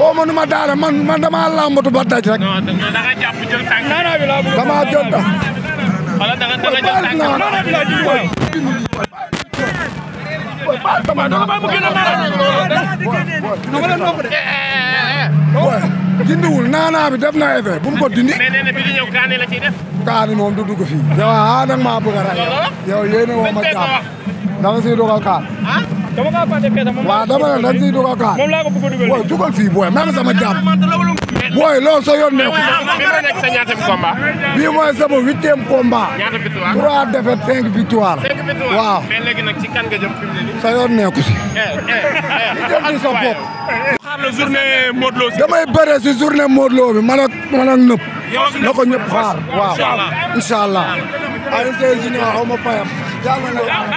xaw nu ma daane man man damaa làmbatu ba daj rek. non da nga jàpp jël tànk. damaa jël tànk. wala bi def na effet bu ko dindi. kaani la du dugg fii. yow ah maa bëgg a rey. woo ma jàpp. da nga siy dogal dama kaa fàtte dama ne dañ siy dugal kaar moom a dugal booy fii booy même sama jàmm booy loolu sa yoon nekkul bi ma nekk mooy sama huitième combat ñaata victoire trois défaites cinq victoire waaw mais yoon nekku si eh, eh, eh, i jëm ci sa bopp xaar la journée Modou Lo damay bëre si na ko ñëpp xaar waaw incha allah ayi sey junior xaw ma fayam